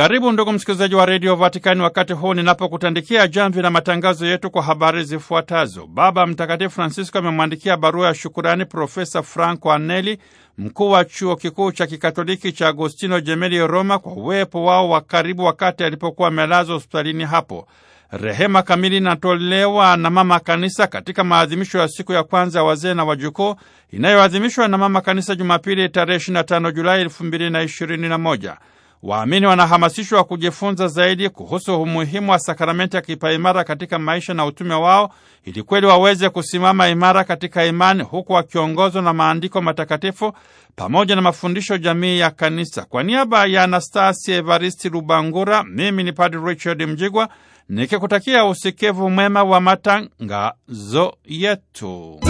Karibu ndugu msikilizaji wa redio Vatikani wakati huu ninapokutandikia jamvi la matangazo yetu kwa habari zifuatazo. Baba Mtakatifu Francisco amemwandikia barua ya shukurani Profesa Franco Anelli, mkuu wa chuo kikuu cha kikatoliki cha Agostino jemeli Roma, kwa uwepo wao wa karibu wakati alipokuwa amelazwa hospitalini hapo. Rehema kamili inatolewa na Mama Kanisa katika maadhimisho ya siku ya kwanza ya wazee na wajukuu inayoadhimishwa na Mama Kanisa Jumapili tarehe 25 Julai 2021. Waamini wanahamasishwa kujifunza zaidi kuhusu umuhimu wa sakramenti ya kipaimara katika maisha na utume wao ili kweli waweze kusimama imara katika imani huku wakiongozwa na maandiko matakatifu pamoja na mafundisho jamii ya kanisa. Kwa niaba ya Anastasi Evaristi Rubangura, mimi ni Padre Richard Mjigwa nikikutakia usikivu mwema wa matangazo yetu.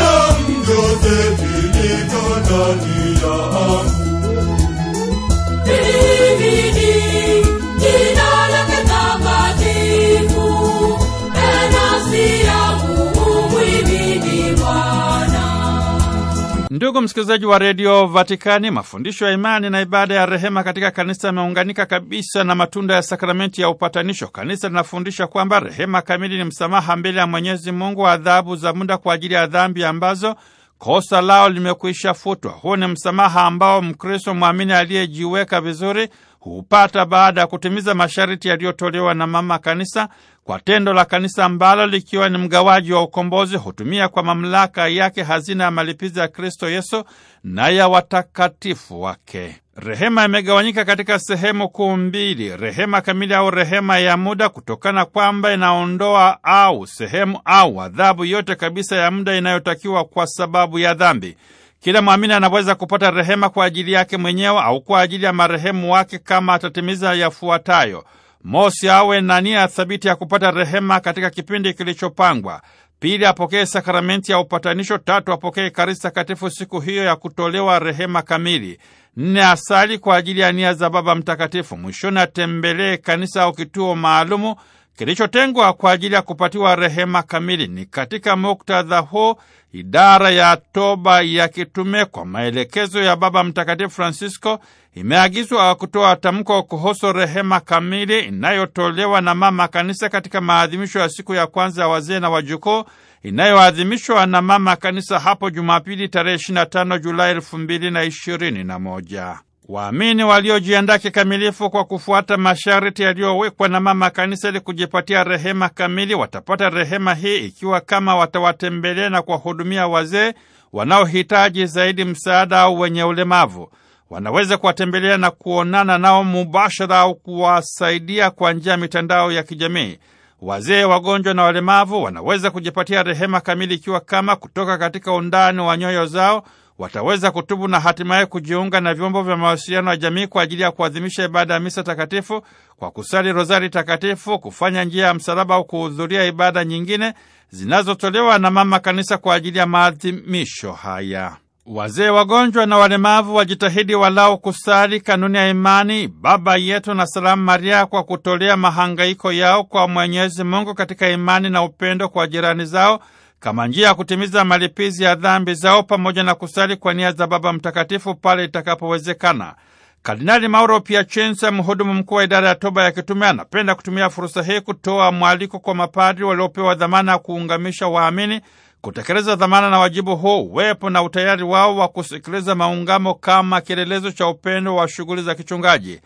Ndugu msikilizaji wa redio Vatikani, mafundisho ya imani na ibada ya rehema katika kanisa yameunganika kabisa na matunda ya sakramenti ya upatanisho. Kanisa linafundisha kwamba rehema kamili ni msamaha mbele ya Mwenyezi Mungu wa adhabu za muda kwa ajili ya dhambi ambazo kosa lao limekwisha futwa. Huu ni msamaha ambao Mkristo mwamini aliyejiweka vizuri hupata baada ya kutimiza masharti yaliyotolewa na mama kanisa kwa tendo la kanisa ambalo likiwa ni mgawaji wa ukombozi hutumia kwa mamlaka yake hazina ya malipizi ya Kristo Yesu na ya watakatifu wake. Rehema imegawanyika katika sehemu kuu mbili: rehema kamili au rehema ya muda, kutokana kwamba inaondoa au sehemu au adhabu yote kabisa ya muda inayotakiwa kwa sababu ya dhambi. Kila mwamini anaweza kupata rehema kwa ajili yake mwenyewe au kwa ajili ya marehemu wake kama atatimiza yafuatayo: mosi, awe na nia thabiti ya kupata rehema katika kipindi kilichopangwa; pili, apokee sakramenti ya upatanisho; tatu, apokee karisi takatifu siku hiyo ya kutolewa rehema kamili; nne, asali kwa ajili ya nia za Baba Mtakatifu; mwishoni, atembelee kanisa au kituo maalumu kilichotengwa kwa ajili ya kupatiwa rehema kamili. Ni katika muktadha huo idara ya toba ya kitume kwa maelekezo ya Baba Mtakatifu Francisco imeagizwa kutoa tamko kuhusu rehema kamili inayotolewa na Mama Kanisa katika maadhimisho ya siku ya kwanza ya wazee na wajukuu inayoadhimishwa na Mama Kanisa hapo Jumapili tarehe 25 Julai 2021. Waamini waliojiandaa kikamilifu kwa kufuata masharti yaliyowekwa na mama kanisa ili kujipatia rehema kamili watapata rehema hii ikiwa kama watawatembelea na kuwahudumia wazee wanaohitaji zaidi msaada au wenye ulemavu. Wanaweza kuwatembelea na kuonana nao mubashara au kuwasaidia kwa njia ya mitandao ya kijamii. Wazee, wagonjwa na walemavu wanaweza kujipatia rehema kamili ikiwa kama kutoka katika undani wa nyoyo zao wataweza kutubu na hatimaye kujiunga na vyombo vya mawasiliano ya jamii kwa ajili ya kuadhimisha ibada ya misa takatifu kwa kusali rozari takatifu, kufanya njia ya msalaba au kuhudhuria ibada nyingine zinazotolewa na mama kanisa kwa ajili ya maadhimisho haya. Wazee, wagonjwa na walemavu wajitahidi walau kusali kanuni ya imani Baba yetu na Salamu Maria kwa kutolea mahangaiko yao kwa Mwenyezi Mungu katika imani na upendo kwa jirani zao kama njia ya kutimiza malipizi ya dhambi zao pamoja na kusali kwa nia za Baba Mtakatifu pale itakapowezekana. Kardinali Mauro Piacenza, mhudumu mkuu wa idara ya toba ya kitume, anapenda kutumia fursa hii kutoa mwaliko kwa mapadri waliopewa dhamana ya kuungamisha waamini kutekeleza dhamana na wajibu huu, uwepo na utayari wao wa kusikiliza maungamo kama kielelezo cha upendo wa shughuli za kichungaji.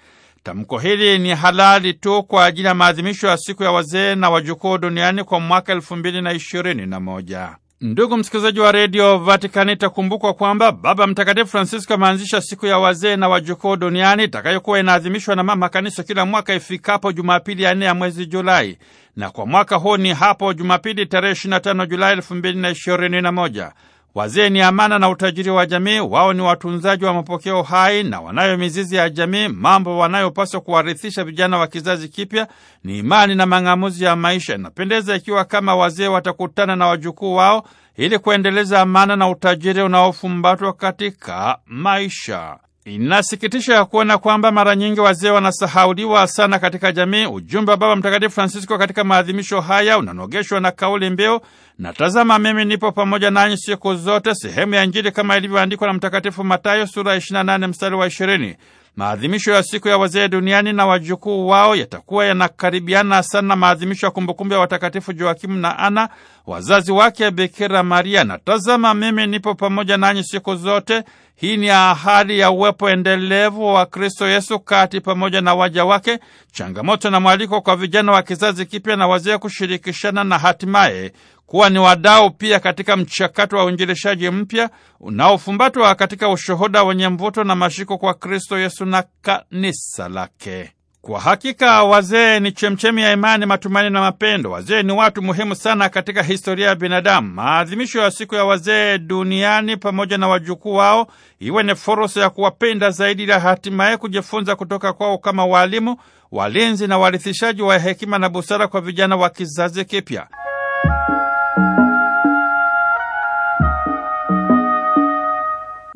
Tamko hili ni halali tu kwa ajili ya maadhimisho ya siku ya wazee na wajukuu duniani kwa mwaka elfu mbili na ishirini na moja. Ndugu msikilizaji wa redio Vatikani, itakumbukwa kwamba Baba Mtakatifu Francisco ameanzisha siku ya wazee na wajukuu duniani itakayokuwa inaadhimishwa na Mama Kanisa kila mwaka ifikapo Jumapili ya nne ya mwezi Julai, na kwa mwaka huu ni hapo Jumapili tarehe 25 Julai 2021. Wazee ni amana na utajiri wa jamii. Wao ni watunzaji wa mapokeo hai na wanayo mizizi ya jamii. Mambo wanayopaswa kuwarithisha vijana wa kizazi kipya ni imani na mang'amuzi ya maisha. Inapendeza ikiwa kama wazee watakutana na wajukuu wao ili kuendeleza amana na utajiri unaofumbatwa katika maisha. Inasikitisha ya kuona kwamba mara nyingi wazee wanasahauliwa sana katika jamii. Ujumbe wa Baba Mtakatifu Francisco katika maadhimisho haya unanogeshwa na kauli mbiu na tazama mimi nipo pamoja nanyi siku zote, sehemu ya Injili kama ilivyoandikwa na Mtakatifu matayo sura 28 mstari wa 20. Maadhimisho ya siku ya wazee duniani na wajukuu wao yatakuwa yanakaribiana sana maadhimisho ya kumbukumbu ya watakatifu Joakimu na Ana, wazazi wake Bikira Maria. Na tazama mimi nipo pamoja nanyi siku zote. Hii ni ahadi ya uwepo endelevu wa Kristo Yesu kati pamoja na waja wake, changamoto na mwaliko kwa vijana wa kizazi kipya na wazee kushirikishana na hatimaye kuwa ni wadau pia katika mchakato wa uinjilishaji mpya unaofumbatwa katika ushuhuda wenye mvuto na mashiko kwa Kristo Yesu na kanisa lake. Kwa hakika wazee ni chemchemi ya imani, matumaini na mapendo. Wazee ni watu muhimu sana katika historia ya binadamu. Maadhimisho ya siku ya wazee duniani pamoja na wajukuu wao iwe ni fursa ya kuwapenda zaidi na hatimaye kujifunza kutoka kwao kama waalimu, walinzi na warithishaji wa hekima na busara kwa vijana wa kizazi kipya.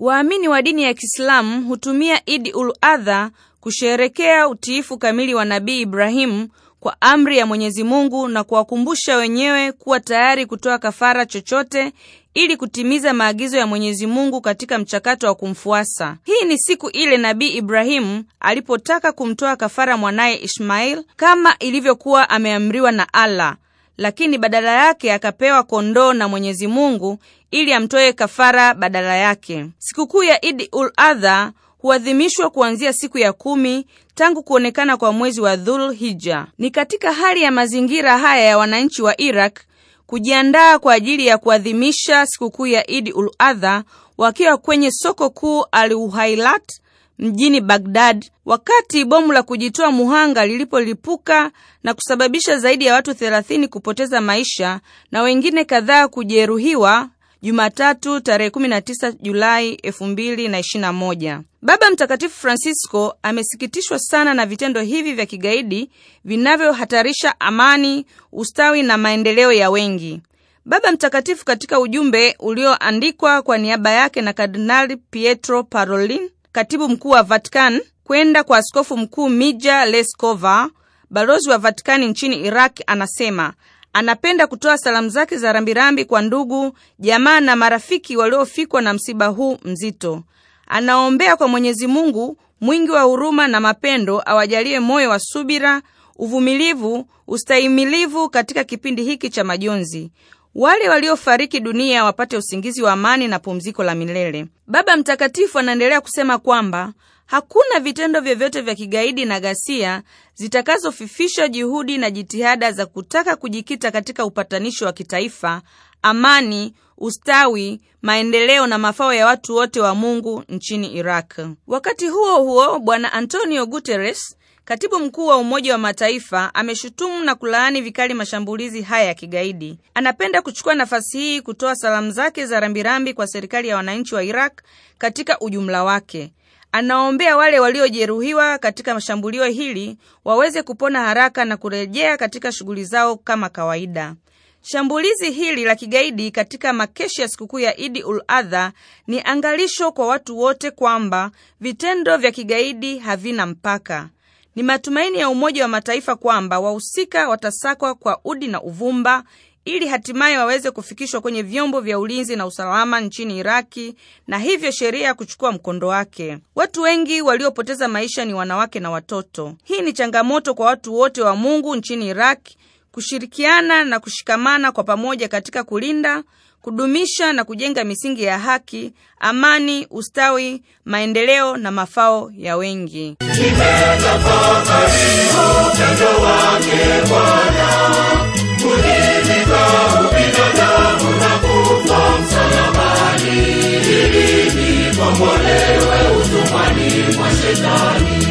Waamini wa dini ya Kiislamu hutumia Idi ul Adha kusherekea utiifu kamili wa Nabii Ibrahimu kwa amri ya Mwenyezi Mungu na kuwakumbusha wenyewe kuwa tayari kutoa kafara chochote ili kutimiza maagizo ya Mwenyezi Mungu katika mchakato wa kumfuasa. Hii ni siku ile Nabii Ibrahimu alipotaka kumtoa kafara mwanaye Ishmail kama ilivyokuwa ameamriwa na Allah lakini badala yake akapewa kondoo na Mwenyezi Mungu ili amtoe kafara badala yake. Sikukuu ya Idi ul Adha huadhimishwa kuanzia siku ya kumi tangu kuonekana kwa mwezi wa Dhul Hija. Ni katika hali ya mazingira haya ya wananchi wa Iraq kujiandaa kwa ajili ya kuadhimisha sikukuu ya Idi ul Adha wakiwa kwenye soko kuu Al Uhailat mjini Bagdad wakati bomu la kujitoa muhanga lilipolipuka na kusababisha zaidi ya watu 30 kupoteza maisha na wengine kadhaa kujeruhiwa Jumatatu tarehe 19 Julai 2021. Baba Mtakatifu Francisco amesikitishwa sana na vitendo hivi vya kigaidi vinavyohatarisha amani, ustawi na maendeleo ya wengi. Baba Mtakatifu katika ujumbe ulioandikwa kwa niaba yake na Kardinali Pietro Parolin katibu mkuu wa Vatican kwenda kwa askofu mkuu Mija Leskova, balozi wa Vatikani nchini Iraq, anasema anapenda kutoa salamu zake za rambirambi kwa ndugu, jamaa na marafiki waliofikwa na msiba huu mzito. Anaombea kwa Mwenyezi Mungu mwingi wa huruma na mapendo awajalie moyo wa subira, uvumilivu, ustahimilivu katika kipindi hiki cha majonzi wale waliofariki dunia wapate usingizi wa amani na pumziko la milele. Baba Mtakatifu anaendelea kusema kwamba hakuna vitendo vyovyote vya kigaidi na ghasia zitakazofifisha juhudi na jitihada za kutaka kujikita katika upatanisho wa kitaifa, amani, ustawi, maendeleo na mafao ya watu wote wa Mungu nchini Iraq. Wakati huo huo, Bwana Antonio Guterres Katibu mkuu wa Umoja wa Mataifa ameshutumu na kulaani vikali mashambulizi haya ya kigaidi. Anapenda kuchukua nafasi hii kutoa salamu zake za rambirambi kwa serikali ya wananchi wa Iraq katika ujumla wake. Anaombea wale waliojeruhiwa katika mashambulio hili waweze kupona haraka na kurejea katika shughuli zao kama kawaida. Shambulizi hili la kigaidi katika makeshi ya sikukuu ya Idi ul Adha ni angalisho kwa watu wote kwamba vitendo vya kigaidi havina mpaka. Ni matumaini ya Umoja wa Mataifa kwamba wahusika watasakwa kwa udi na uvumba ili hatimaye waweze kufikishwa kwenye vyombo vya ulinzi na usalama nchini Iraki na hivyo sheria kuchukua mkondo wake. Watu wengi waliopoteza maisha ni wanawake na watoto. Hii ni changamoto kwa watu wote wa Mungu nchini Iraki kushirikiana na kushikamana kwa pamoja katika kulinda kudumisha na kujenga misingi ya haki, amani, ustawi, maendeleo na mafao ya wengi. Kombolewe utumwani mwa shetani.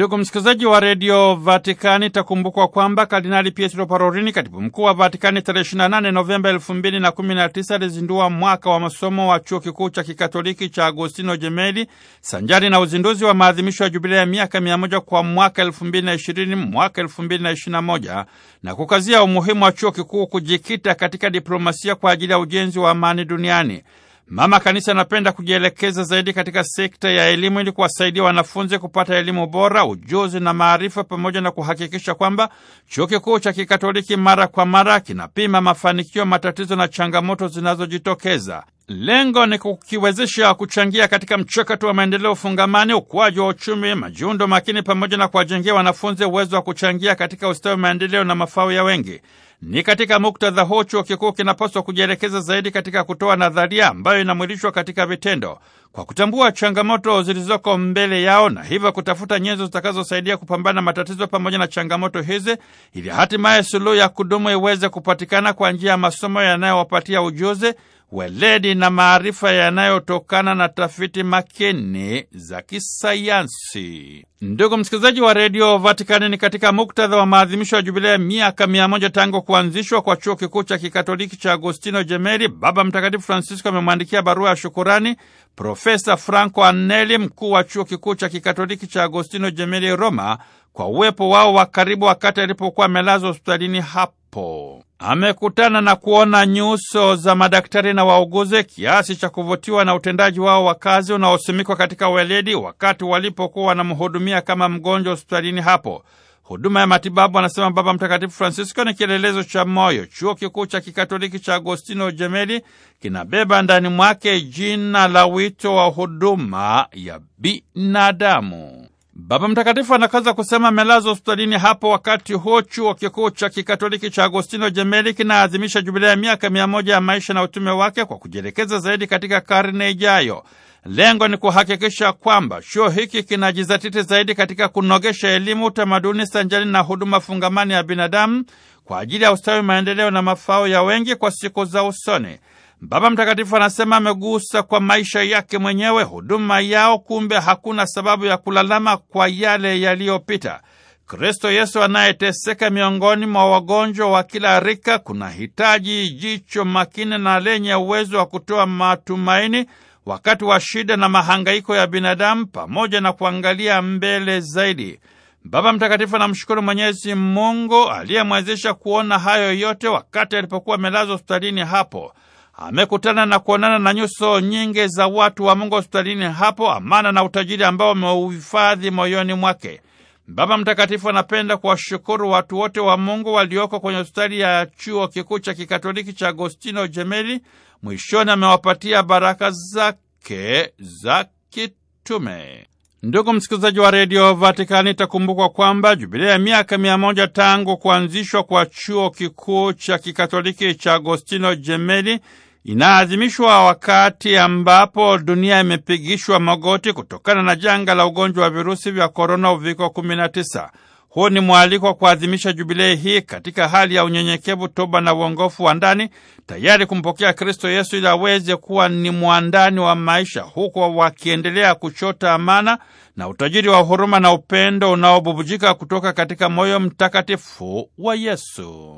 Ndugu msikilizaji wa redio Vatikani, itakumbukwa kwamba Kardinali Pietro parorini katibu mkuu wa Vatikani, tarehe 28 Novemba 2019 alizindua mwaka wa masomo wa chuo kikuu cha kikatoliki cha Agostino Jemeli sanjari na uzinduzi wa maadhimisho ya jubilia ya miaka 100 kwa mwaka 2020 mwaka 2021, na kukazia umuhimu wa chuo kikuu kujikita katika diplomasia kwa ajili ya ujenzi wa amani duniani. Mama Kanisa anapenda kujielekeza zaidi katika sekta ya elimu ili kuwasaidia wanafunzi kupata elimu bora, ujuzi na maarifa, pamoja na kuhakikisha kwamba Chuo Kikuu cha Kikatoliki mara kwa mara kinapima mafanikio, matatizo na changamoto zinazojitokeza. Lengo ni kukiwezesha kuchangia katika mchakato wa maendeleo fungamani, ukuaji wa uchumi, majiundo makini, pamoja na kuwajengea wanafunzi uwezo wa kuchangia katika ustawi, maendeleo na mafao ya wengi. Ni katika muktadha huo chuo kikuu kinapaswa kujielekeza zaidi katika kutoa nadharia ambayo inamwilishwa katika vitendo kwa kutambua changamoto zilizoko mbele yao na hivyo kutafuta nyenzo zitakazosaidia kupambana na matatizo pamoja na changamoto hizi ili hatimaye suluhu ya kudumu iweze kupatikana kwa njia ya masomo yanayowapatia ujuzi, weledi na maarifa yanayotokana na tafiti makini za kisayansi. Ndugu msikilizaji wa redio Vatikani, ni katika muktadha wa maadhimisho ya jubilea miaka mia moja tangu kuanzishwa kwa chuo kikuu cha kikatoliki cha Agostino Jemeli, Baba Mtakatifu Francisco amemwandikia barua ya shukurani Profesa Franco Anneli, mkuu wa chuo kikuu cha kikatoliki cha Agostino Jemeli Roma, kwa uwepo wao wa karibu wakati alipokuwa amelazwa hospitalini hapo amekutana na kuona nyuso za madaktari na wauguzi kiasi cha kuvutiwa na utendaji wao wa kazi unaosimikwa katika weledi wakati walipokuwa wanamhudumia kama mgonjwa hospitalini hapo. Huduma ya matibabu, anasema Baba Mtakatifu Francisco, ni kielelezo cha moyo. Chuo Kikuu cha Kikatoliki cha Agostino Jemeli kinabeba ndani mwake jina la wito wa huduma ya binadamu. Baba Mtakatifu anakaza kusema amelazwa hospitalini hapo wakati huo chuo kikuu cha kikatoliki cha Agostino Jemeli kinaadhimisha jubilia ya miaka mia moja ya maisha na utume wake kwa kujielekeza zaidi katika karne ijayo. Lengo ni kuhakikisha kwamba chuo hiki kinajizatiti zaidi katika kunogesha elimu, utamaduni sanjani na huduma fungamani ya binadamu kwa ajili ya ustawi, maendeleo na mafao ya wengi kwa siku za usoni. Baba Mtakatifu anasema amegusa kwa maisha yake mwenyewe, huduma yao. Kumbe hakuna sababu ya kulalama kwa yale yaliyopita. Kristo Yesu anayeteseka miongoni mwa wagonjwa wa kila rika, kuna hitaji jicho makini na lenye uwezo wa kutoa matumaini wakati wa shida na mahangaiko ya binadamu, pamoja na kuangalia mbele zaidi. Baba Mtakatifu anamshukuru Mwenyezi Mungu aliyemwezesha kuona hayo yote wakati alipokuwa amelazwa hospitalini hapo amekutana na kuonana na nyuso nyingi za watu wa Mungu hospitalini hapo, amana na utajiri ambao ameuhifadhi moyoni mwake. Baba Mtakatifu anapenda kuwashukuru watu wote wa Mungu walioko kwenye hospitali ya chuo kikuu cha kikatoliki cha Agostino Jemeli. Mwishoni amewapatia baraka zake za kitume. Ndugu msikilizaji wa redio Vatikani, itakumbukwa kwamba jubilia ya miaka mia moja tangu kuanzishwa kwa chuo kikuu cha kikatoliki cha Agostino Jemeli inaadhimishwa wakati ambapo dunia imepigishwa magoti kutokana na janga la ugonjwa wa virusi vya korona uviko 19. Huu ni mwaliko wa kuadhimisha jubilei hii katika hali ya unyenyekevu, toba na uongofu wa ndani, tayari kumpokea Kristo Yesu ili aweze kuwa ni mwandani wa maisha, huku wakiendelea kuchota amana na utajiri wa huruma na upendo unaobubujika kutoka katika moyo mtakatifu wa Yesu.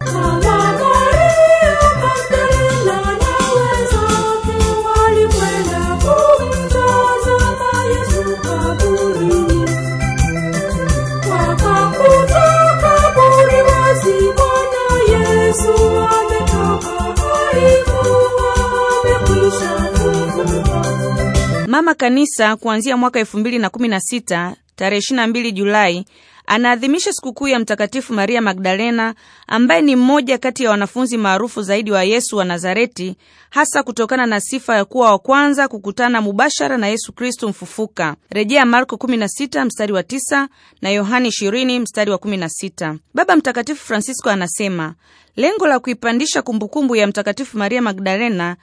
kama kanisa kuanzia mwaka 2016 tarehe 22 Julai anaadhimisha sikukuu ya Mtakatifu Maria Magdalena ambaye ni mmoja kati ya wanafunzi maarufu zaidi wa Yesu wa Nazareti, hasa kutokana na sifa ya kuwa wa kwanza kukutana mubashara na Yesu Kristo mfufuka, rejea Marko 16 mstari wa 9 na Yohani 20 mstari wa 16. Baba Mtakatifu Francisco anasema lengo la kuipandisha kumbukumbu ya Mtakatifu Maria Magdalena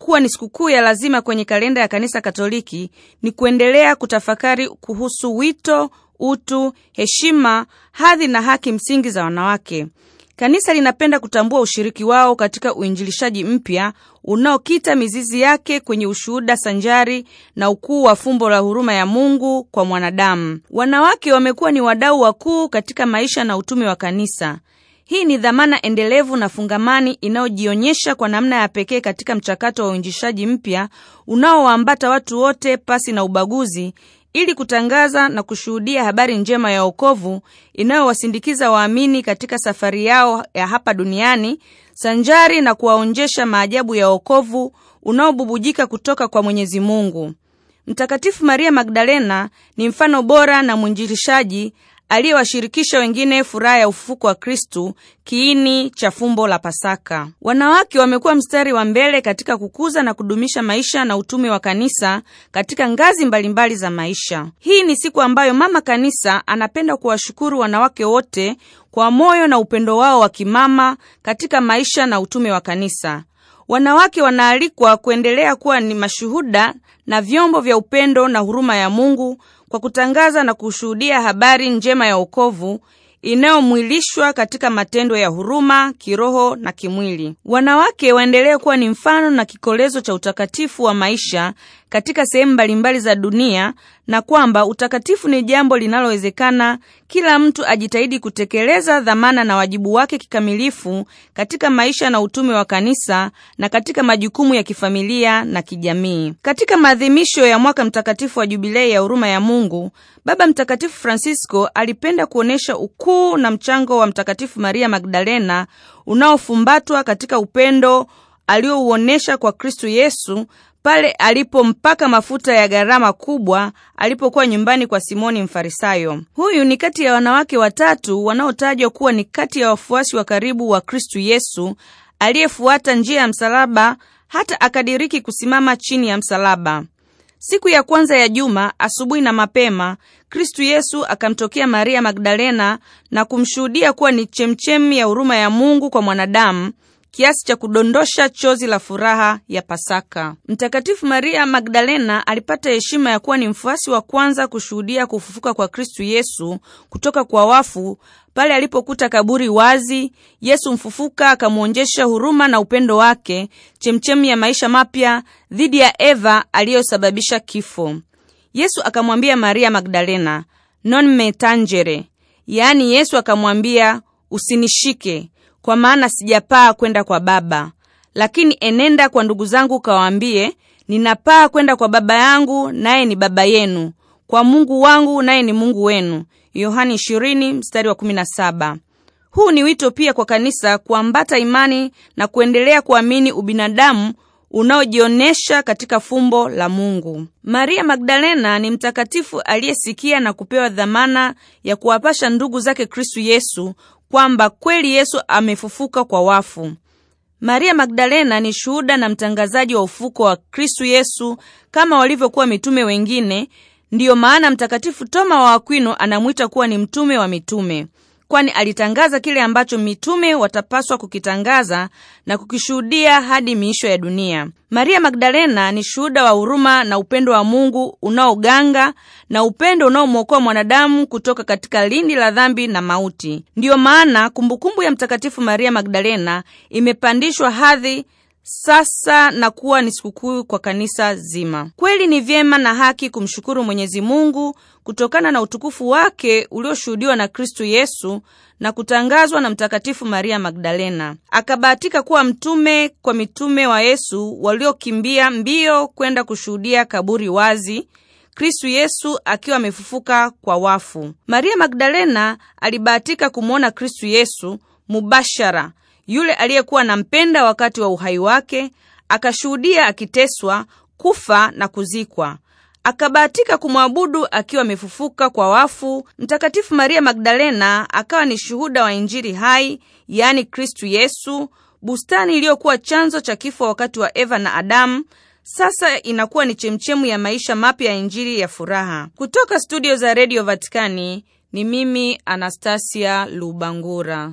kuwa ni sikukuu ya lazima kwenye kalenda ya Kanisa Katoliki ni kuendelea kutafakari kuhusu wito, utu, heshima, hadhi na haki msingi za wanawake. Kanisa linapenda kutambua ushiriki wao katika uinjilishaji mpya unaokita mizizi yake kwenye ushuhuda sanjari na ukuu wa fumbo la huruma ya Mungu kwa mwanadamu. Wanawake wamekuwa ni wadau wakuu katika maisha na utume wa kanisa. Hii ni dhamana endelevu na fungamani inayojionyesha kwa namna ya pekee katika mchakato wa uinjishaji mpya unaowaambata watu wote pasi na ubaguzi ili kutangaza na kushuhudia habari njema ya wokovu inayowasindikiza waamini katika safari yao ya hapa duniani sanjari na kuwaonjesha maajabu ya wokovu unaobubujika kutoka kwa Mwenyezi Mungu. Mtakatifu Maria Magdalena ni mfano bora na mwinjilishaji aliyewashirikisha wengine furaha ya ufufuko wa Kristu, kiini cha fumbo la Pasaka. Wanawake wamekuwa mstari wa mbele katika kukuza na kudumisha maisha na utume wa kanisa katika ngazi mbalimbali za maisha. Hii ni siku ambayo mama kanisa anapenda kuwashukuru wanawake wote kwa moyo na upendo wao wa kimama katika maisha na utume wa kanisa. Wanawake wanaalikwa kuendelea kuwa ni mashuhuda na vyombo vya upendo na huruma ya Mungu kwa kutangaza na kushuhudia habari njema ya wokovu inayomwilishwa katika matendo ya huruma kiroho na kimwili. Wanawake waendelee kuwa ni mfano na kikolezo cha utakatifu wa maisha katika sehemu mbalimbali za dunia na kwamba utakatifu ni jambo linalowezekana kila mtu ajitahidi kutekeleza dhamana na wajibu wake kikamilifu katika maisha na utume wa kanisa na katika majukumu ya kifamilia na kijamii. Katika maadhimisho ya mwaka mtakatifu wa jubilei ya huruma ya Mungu, Baba Mtakatifu Francisco alipenda kuonyesha ukuu na mchango wa Mtakatifu Maria Magdalena unaofumbatwa katika upendo aliouonyesha kwa Kristu Yesu pale alipompaka mafuta ya gharama kubwa alipokuwa nyumbani kwa Simoni Mfarisayo. Huyu ni kati ya wanawake watatu wanaotajwa kuwa ni kati ya wafuasi wa karibu wa Kristu Yesu aliyefuata njia ya msalaba hata akadiriki kusimama chini ya msalaba. Siku ya kwanza ya juma asubuhi na mapema, Kristu Yesu akamtokea Maria Magdalena na kumshuhudia kuwa ni chemchemi ya huruma ya Mungu kwa mwanadamu kiasi cha kudondosha chozi la furaha ya Pasaka. Mtakatifu Maria Magdalena alipata heshima ya kuwa ni mfuasi wa kwanza kushuhudia kufufuka kwa Kristu Yesu kutoka kwa wafu pale alipokuta kaburi wazi, Yesu mfufuka akamwonjesha huruma na upendo wake, chemchemi ya maisha mapya dhidi ya Eva aliyosababisha kifo. Yesu akamwambia Maria Magdalena, non me tangere, yaani Yesu akamwambia usinishike kwa maana sijapaa kwenda kwa Baba. Lakini enenda kwa ndugu zangu ukawaambie, ninapaa kwenda kwa Baba yangu naye ni Baba yenu, kwa Mungu wangu naye ni Mungu wenu. Yohani 20 mstari wa 17. Huu ni wito pia kwa kanisa kuambata imani na kuendelea kuamini ubinadamu unaojionyesha katika fumbo la Mungu. Maria Magdalena ni mtakatifu aliyesikia na kupewa dhamana ya kuwapasha ndugu zake Kristu Yesu kwamba kweli Yesu amefufuka kwa wafu. Maria Magdalena ni shuhuda na mtangazaji wa ufuko wa Kristu Yesu kama walivyokuwa mitume wengine. Ndiyo maana Mtakatifu Toma wa Akwino anamwita kuwa ni mtume wa mitume, kwani alitangaza kile ambacho mitume watapaswa kukitangaza na kukishuhudia hadi miisho ya dunia. Maria Magdalena ni shuhuda wa huruma na upendo wa Mungu unaoganga na upendo unaomwokoa mwanadamu kutoka katika lindi la dhambi na mauti. Ndiyo maana kumbukumbu ya Mtakatifu Maria Magdalena imepandishwa hadhi sasa na kuwa ni sikukuu kwa kanisa zima. Kweli ni vyema na haki kumshukuru Mwenyezi Mungu kutokana na utukufu wake ulioshuhudiwa na Kristu Yesu na kutangazwa na Mtakatifu Maria Magdalena. Akabahatika kuwa mtume kwa mitume wa Yesu waliokimbia mbio kwenda kushuhudia kaburi wazi, Kristu Yesu akiwa amefufuka kwa wafu. Maria Magdalena alibahatika kumwona Kristu Yesu mubashara yule aliyekuwa nampenda wakati wa uhai wake, akashuhudia akiteswa, kufa na kuzikwa, akabahatika kumwabudu akiwa amefufuka kwa wafu. Mtakatifu Maria Magdalena akawa ni shuhuda wa Injili hai, yaani Kristu Yesu. Bustani iliyokuwa chanzo cha kifo wakati wa Eva na Adamu sasa inakuwa ni chemchemu ya maisha mapya ya Injili ya furaha. Kutoka studio za redio Vatikani ni mimi Anastasia Lubangura.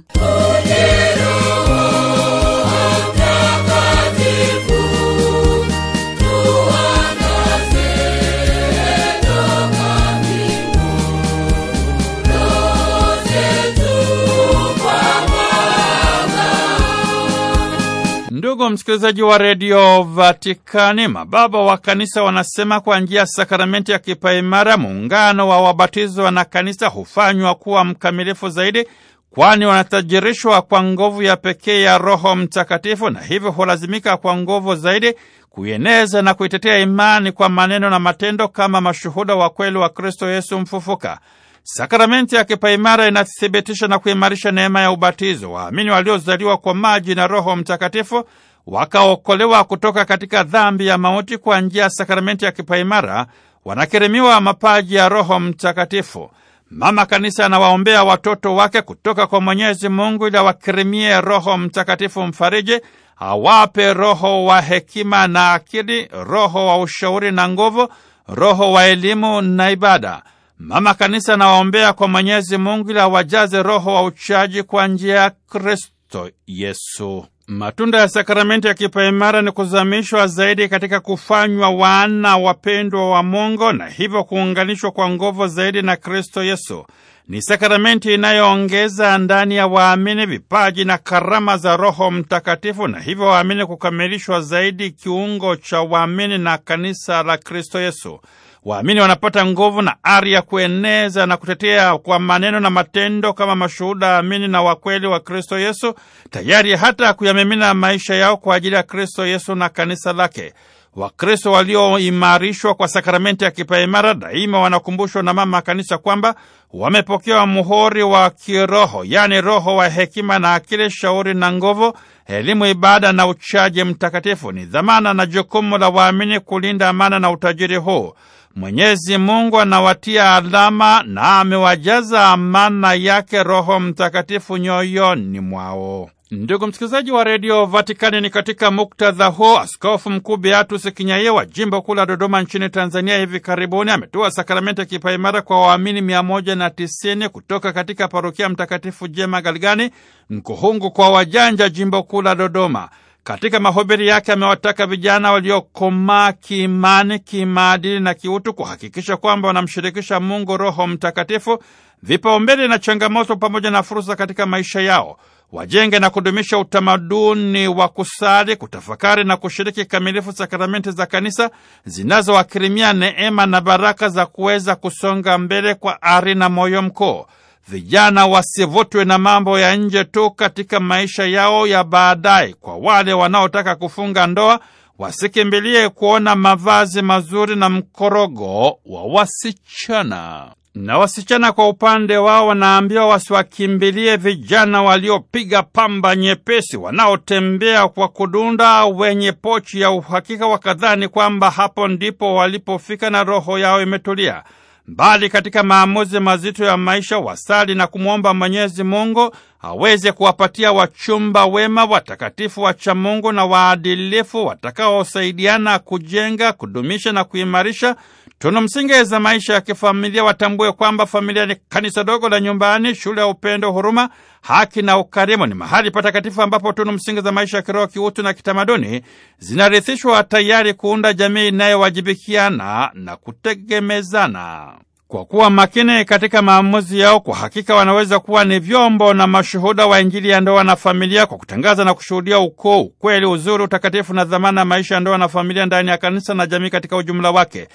Ndugu msikilizaji wa redio Vatikani, mababa wa kanisa wanasema kwa njia ya sakramenti ya kipaimara muungano wa wabatizwa na kanisa hufanywa kuwa mkamilifu zaidi, kwani wanatajirishwa kwa nguvu ya pekee ya Roho Mtakatifu na hivyo hulazimika kwa nguvu zaidi kuieneza na kuitetea imani kwa maneno na matendo kama mashuhuda wa kweli wa Kristo Yesu mfufuka. Sakramenti ya kipaimara inathibitisha na kuimarisha neema ya ubatizo. Waamini waliozaliwa kwa maji na Roho Mtakatifu wakaokolewa kutoka katika dhambi ya mauti kwa njia ya sakramenti ya kipaimara, wanakirimiwa mapaji ya Roho Mtakatifu. Mama Kanisa anawaombea watoto wake kutoka kwa Mwenyezi Mungu ili awakirimie Roho Mtakatifu mfariji, awape roho wa hekima na akili, roho wa ushauri na nguvu, roho wa elimu na ibada. Mama Kanisa anawaombea kwa Mwenyezi Mungu ili awajaze roho wa uchaji kwa njia ya Kristo Yesu. Matunda ya sakramenti ya kipaimara ni kuzamishwa zaidi katika kufanywa wana wapendwa wa Mungu na hivyo kuunganishwa kwa nguvu zaidi na Kristo Yesu. Ni sakramenti inayoongeza ndani ya waamini vipaji na karama za Roho Mtakatifu na hivyo waamini kukamilishwa zaidi kiungo cha waamini na kanisa la Kristo Yesu. Waamini wanapata nguvu na ari ya kueneza na kutetea kwa maneno na matendo kama mashuhuda amini na wakweli wa Kristo Yesu, tayari hata kuyamimina maisha yao kwa ajili ya Kristo Yesu na kanisa lake. Wakristo walioimarishwa kwa sakramenti ya kipaimara daima wanakumbushwa na mama kanisa kwamba wamepokea muhuri wa kiroho, yaani roho wa hekima na akili, shauri na nguvu, elimu, ibada na uchaji mtakatifu. Ni dhamana na jukumu la waamini kulinda amana na utajiri huu. Mwenyezi Mungu anawatia alama na amewajaza amana yake Roho Mtakatifu nyoyoni mwao. Ndugu msikilizaji wa redio Vatikani, ni katika muktadha huo askofu mkuu Beatus Kinyaye wa jimbo kuu la Dodoma nchini Tanzania hivi karibuni ametoa sakramenti ya kipaimara kwa waamini 190 tisini kutoka katika parokia Mtakatifu Jema Galgani Mkuhungu kwa wajanja, jimbo kuu la Dodoma. Katika mahubiri yake amewataka vijana waliokomaa kiimani, kimaadili na kiutu kuhakikisha kwamba wanamshirikisha Mungu Roho Mtakatifu vipaumbele na changamoto pamoja na fursa katika maisha yao. Wajenge na kudumisha utamaduni wa kusali, kutafakari na kushiriki kikamilifu sakramenti za kanisa zinazowakirimia neema na baraka za kuweza kusonga mbele kwa ari na moyo mkuu vijana wasivutwe na mambo ya nje tu katika maisha yao ya baadaye. Kwa wale wanaotaka kufunga ndoa wasikimbilie kuona mavazi mazuri na mkorogo wa wasichana. Na wasichana kwa upande wao wanaambiwa wasiwakimbilie vijana waliopiga pamba nyepesi, wanaotembea kwa kudunda, wenye pochi ya uhakika, wakadhani kwamba hapo ndipo walipofika na roho yao imetulia bali katika maamuzi mazito ya maisha wasali na kumwomba Mwenyezi Mungu aweze kuwapatia wachumba wema, watakatifu, wacha Mungu na waadilifu watakaosaidiana kujenga, kudumisha na kuimarisha Tunu msingi za maisha ya kifamilia watambue kwamba familia ni kanisa dogo la nyumbani, shule ya upendo, huruma, haki na ukarimu. Ni mahali patakatifu ambapo tunu msingi za maisha ya kiroho, kiutu na kitamaduni zinarithishwa tayari kuunda jamii inayowajibikiana na kutegemezana. Kwa kuwa makini katika maamuzi yao, kwa hakika wanaweza kuwa ni vyombo na mashuhuda wa Injili ya ndoa na familia, kwa kutangaza na kushuhudia ukuu, ukweli, uzuri, utakatifu na dhamana ya maisha ya ndoa na familia ndani ya kanisa na jamii katika ujumla wake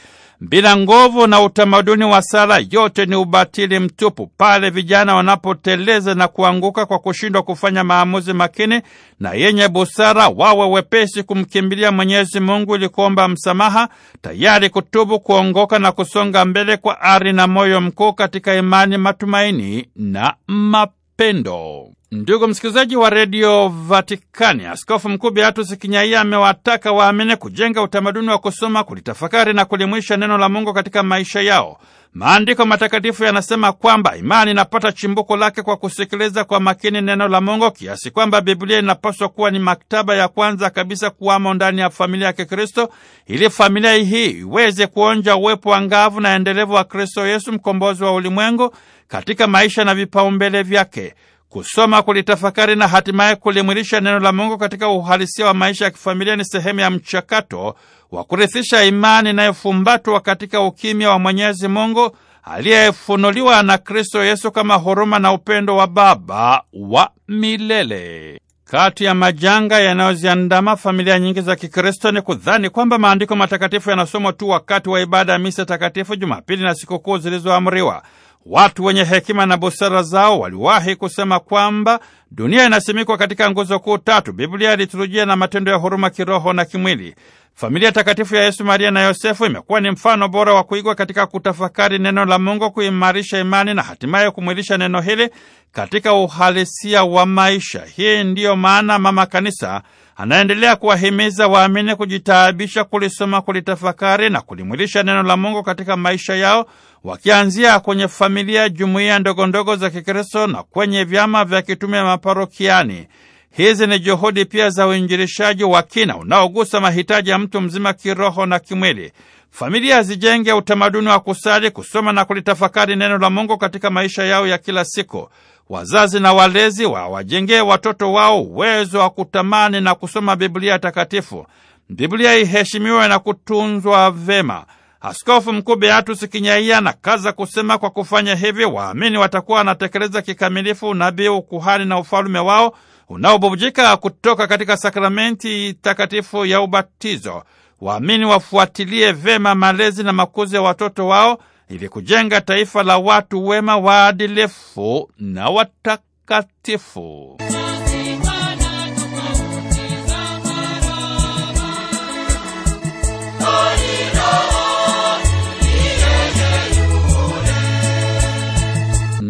bila nguvu na utamaduni wa sala, yote ni ubatili mtupu. Pale vijana wanapoteleza na kuanguka kwa kushindwa kufanya maamuzi makini na yenye busara, wawe wepesi kumkimbilia Mwenyezi Mungu ili kuomba msamaha, tayari kutubu, kuongoka na kusonga mbele kwa ari na moyo mkuu katika imani, matumaini na mapendo. Ndugu msikilizaji wa redio Vatikani, Askofu Mkuu Beatus Kinyaiya amewataka waamini kujenga utamaduni wa kusoma, kulitafakari na kulimwisha neno la Mungu katika maisha yao. Maandiko matakatifu yanasema kwamba imani inapata chimbuko lake kwa kusikiliza kwa makini neno la Mungu, kiasi kwamba Biblia inapaswa kuwa ni maktaba ya kwanza kabisa kuwamo ndani ya familia ya Kikristo, ili familia hii iweze kuonja uwepo wa ngavu na endelevu wa Kristo Yesu, mkombozi wa ulimwengu, katika maisha na vipaumbele vyake. Kusoma, kulitafakari na hatimaye kulimwilisha neno la Mungu katika uhalisia wa maisha ya kifamilia ni sehemu ya mchakato wa kurithisha imani inayofumbatwa katika ukimya wa Mwenyezi Mungu aliyefunuliwa na Kristo Yesu kama huruma na upendo wa Baba wa milele. Kati ya majanga yanayoziandama familia nyingi za Kikristo ni kudhani kwamba maandiko matakatifu yanasomwa tu wakati wa ibada ya misa takatifu, Jumapili na sikukuu zilizoamriwa. Watu wenye hekima na busara zao waliwahi kusema kwamba dunia inasimikwa katika nguzo kuu tatu: Biblia, liturujia na matendo ya huruma kiroho na kimwili. Familia takatifu ya Yesu, Maria na Yosefu imekuwa ni mfano bora wa kuigwa katika kutafakari neno la Mungu, kuimarisha imani na hatimaye kumwilisha neno hili katika uhalisia wa maisha. Hii ndiyo maana Mama Kanisa anaendelea kuwahimiza waamini kujitaabisha kulisoma, kulitafakari na kulimwilisha neno la Mungu katika maisha yao, wakianzia kwenye familia, jumuiya ndogondogo za Kikristo na kwenye vyama vya kitume maparokiani. Hizi ni juhudi pia za uinjilishaji wa kina unaogusa mahitaji ya mtu mzima kiroho na kimwili. Familia zijenge utamaduni wa kusali, kusoma na kulitafakari neno la Mungu katika maisha yao ya kila siku. Wazazi na walezi wawajengee watoto wao uwezo wa kutamani na kusoma Biblia takatifu. Biblia iheshimiwe na kutunzwa vema. Askofu Mkuu Beatus Kinyaia kaza kusema, kwa kufanya hivi waamini watakuwa wanatekeleza kikamilifu unabii, ukuhani na ufalume wao unaobubujika kutoka katika sakramenti takatifu ya ubatizo. Waamini wafuatilie vema malezi na makuzi ya watoto wao ili kujenga taifa la watu wema, waadilifu na watakatifu.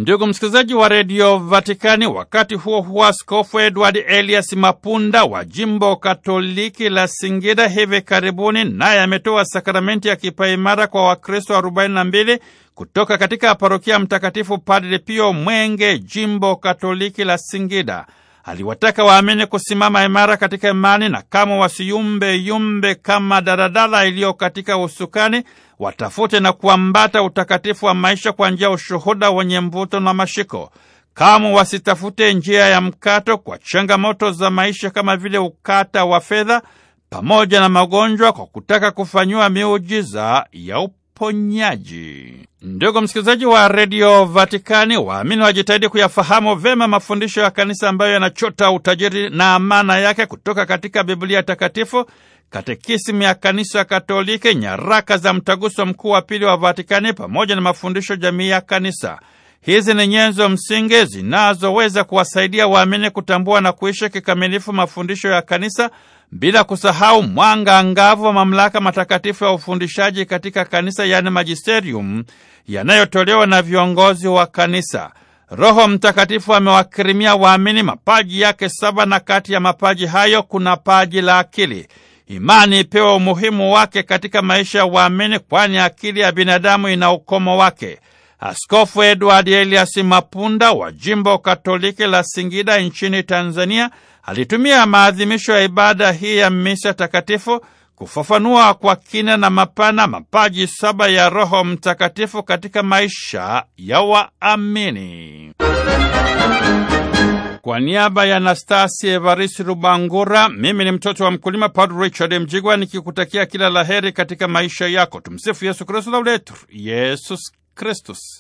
Ndugu msikilizaji wa redio Vatikani, wakati huo huo, Askofu Edward Elias Mapunda wa jimbo katoliki la Singida hivi karibuni, naye ametoa sakramenti ya kipaimara kwa Wakristo 42 kutoka katika parokia Mtakatifu Padre Pio Mwenge, jimbo katoliki la Singida aliwataka waamini kusimama imara katika imani na kama wasiyumbe yumbe kama daradala iliyo katika usukani, watafute na kuambata utakatifu wa maisha kwa njia ya ushuhuda wenye mvuto na mashiko. Kamwe wasitafute njia ya mkato kwa changamoto za maisha kama vile ukata wa fedha pamoja na magonjwa, kwa kutaka kufanyiwa miujiza ya uponyaji. Ndugu msikilizaji wa redio Vatikani, waamini wajitahidi kuyafahamu vema mafundisho ya kanisa ambayo yanachota utajiri na amana yake kutoka katika Biblia Takatifu, katekisimu ya kanisa Katoliki, nyaraka za mtaguso mkuu wa pili wa Vatikani pamoja na mafundisho jamii ya kanisa. Hizi ni nyenzo msingi zinazoweza kuwasaidia waamini kutambua na kuishi kikamilifu mafundisho ya kanisa bila kusahau mwanga angavu wa mamlaka matakatifu ya ufundishaji katika kanisa, yaani magisterium, yanayotolewa na viongozi wa kanisa. Roho Mtakatifu amewakirimia waamini mapaji yake saba, na kati ya mapaji hayo kuna paji la akili. Imani ipewa umuhimu wake katika maisha ya waamini, kwani akili ya binadamu ina ukomo wake. Askofu Edward Elias Mapunda wa jimbo Katoliki la Singida nchini Tanzania alitumia maadhimisho ya ibada hii ya misa takatifu kufafanua kwa kina na mapana mapaji saba ya Roho Mtakatifu katika maisha ya waamini. Kwa niaba ya Nastasi Evarisi Rubangura, mimi ni mtoto wa mkulima Padre Richard Mjigwa, nikikutakia kila laheri katika maisha yako. Tumsifu Yesu Kristu, Laudetur Yesus Kristus.